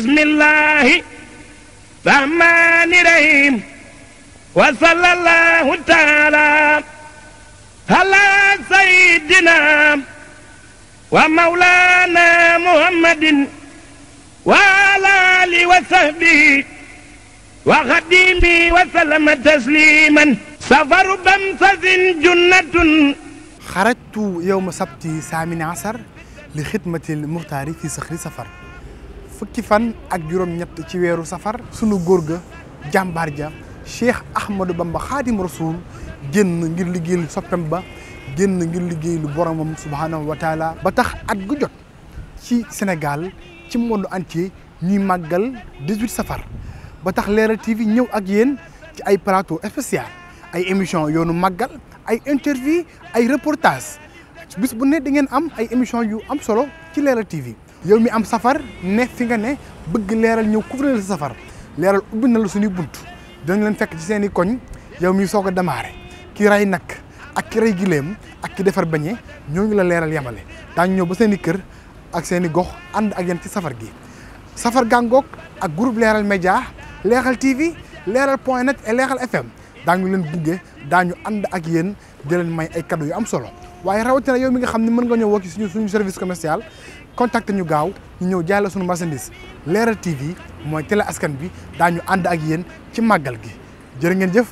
bismillaahi rahmaani rahiim wa sallallaahu taala ala sayyidina wa mawlaana muhammadin wa ala aalihi wa sahbihi wa xadiimihi wa sallama tasliiman safaru bamsasin junnatun xarajtu yowma sabti saamini asar li xidmati lmuxtaari fi saxri safar fukki fan ak juróom-ñett ci weeru safar sunu góor ga jàmbaar ja Cheikh Ahmadou Bamba Xaadim Rasul génn ngir liggéeyal soppem ba génn ngir liggéeyal boromam subhaanahu wa taala ba tax at gu jot ci Sénégal ci monde entier ñuy màggal 18 safar ba tax Leral TV ñëw ak yéen ci ay plateau spécial ay émission yoonu màggal ay interview ay reportage bis bu ne da ngeen am ay émission yu am solo ci Leral TV yow mi am safar ne fi nga ne bëgg leeral ñëw couvrir sa safar leeral ubbi na la suñuy bunt dañ leen fekk ci seen i koñ yow mi soog a démarré ki ray nag ak ki ray gileem ak ki defar bañe ñoo ngi la leeral yemale daañu ñëw ba seen i kër ak seen i gox ànd ak yéen ci safar gi safar gàngoog ak group leeral média leeral TV leeral point net et leeral FM ñu leen buggee daañu ànd ak yéen di leen may ay kaddu yu am solo waaye rawatina yow mi nga xam ne mën nga ñëw woo ci suñu suñu service commercial contacté ñu gaaw ñu ñëw jaay la suñu marchandise Leral TV mooy télé askan bi daañu ànd ak yéen ci màggal gi jërë ngeen jëf.